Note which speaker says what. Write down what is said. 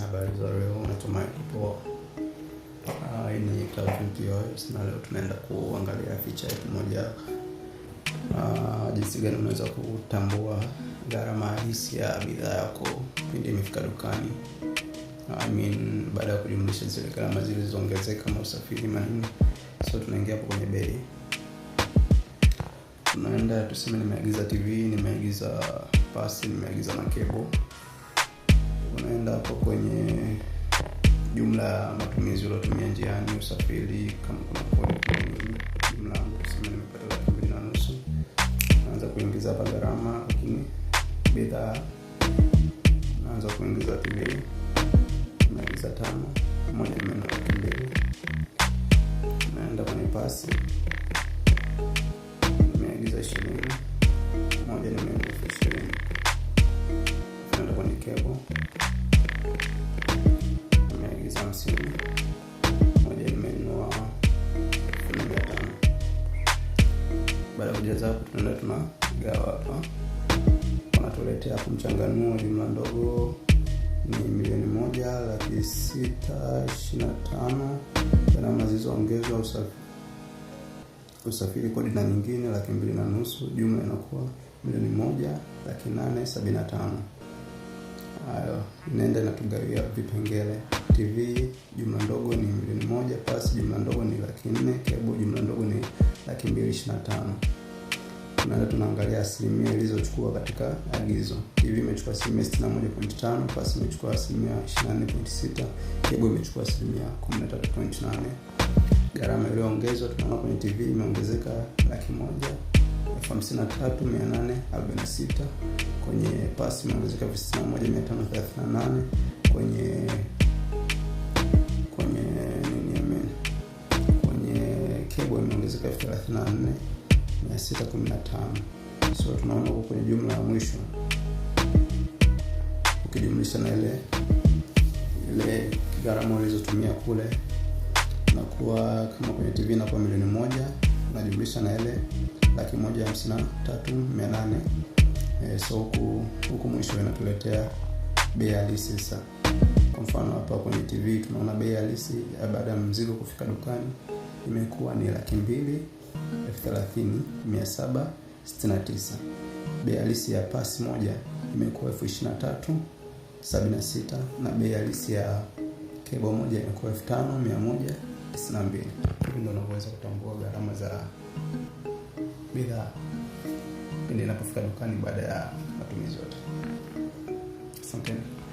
Speaker 1: Habari za leo, natumai kupoa. Ah, hii ni Cloud na leo tunaenda kuangalia feature yetu moja, ah, jinsi gani unaweza kutambua gharama halisi ya bidhaa yako pindi imefika dukani. Ah, I mean, baada ya kujumlisha zile gharama zilizoongezeka kama usafiri na nini, so tunaingia hapo kwenye bei, tunaenda tuseme, nimeagiza TV, nimeagiza pasi, nimeagiza makebo jumla matumizi uliotumia njiani usafiri kama kuna mlango jumla nimepata laki mbili na nusu naanza kuingiza hapa gharama lakini bidhaa naanza kuingiza laki naingiza tano moja mena laki mbili naenda kwenye pasi nimeagiza ishirini hamsini moja nimenunua elfu moja tano baada ya kujaza hapo tunaenda tunagawa hapa wanatuletea hapo mchanganuo jumla ndogo ni milioni moja laki sita ishirina tano gharama zilizoongezwa usafiri, usafiri kodi na nyingine laki mbili na nusu jumla inakuwa milioni moja laki nane sabini na tano hayo inaenda inatugawia vipengele tv jumla ndogo ni milioni moja pasi jumla ndogo ni laki nne kebo jumla ndogo ni laki mbili ishirina tano tunaenda tunaangalia asilimia ilizochukua katika agizo tv imechukua asilimia sitini moja tano pasi imechukua asilimia ishirina sita kebo imechukua asilimia kumi na tatu pointi nane gharama iliyoongezwa tunaona kwenye tv imeongezeka laki moja 53846 kwenye pasi imeongezeka 51538 kwenye kwenye nini amen kwenye kebo imeongezeka 34615 so tunaona huko kwenye jumla ya mwisho ukijumlisha na ile ile gharama ulizotumia kule nakuwa kama kwenye tv inakuwa milioni moja unajumlisha na ile laki moja hamsini na tatu mia nane e, so huku huku mwisho inatuletea bei halisi sasa kwa mfano hapa kwenye tv tunaona bei halisi baada ya mzigo kufika dukani imekuwa ni laki mbili elfu thelathini mia saba sitini na tisa bei halisi ya pasi moja imekuwa elfu ishirini na tatu sabini na sita na bei halisi ya kebo moja imekuwa elfu tano mia moja na Hivi ndio unavyoweza kutambua gharama za bidhaa pindi inapofika dukani baada ya matumizi yote. Asanteni.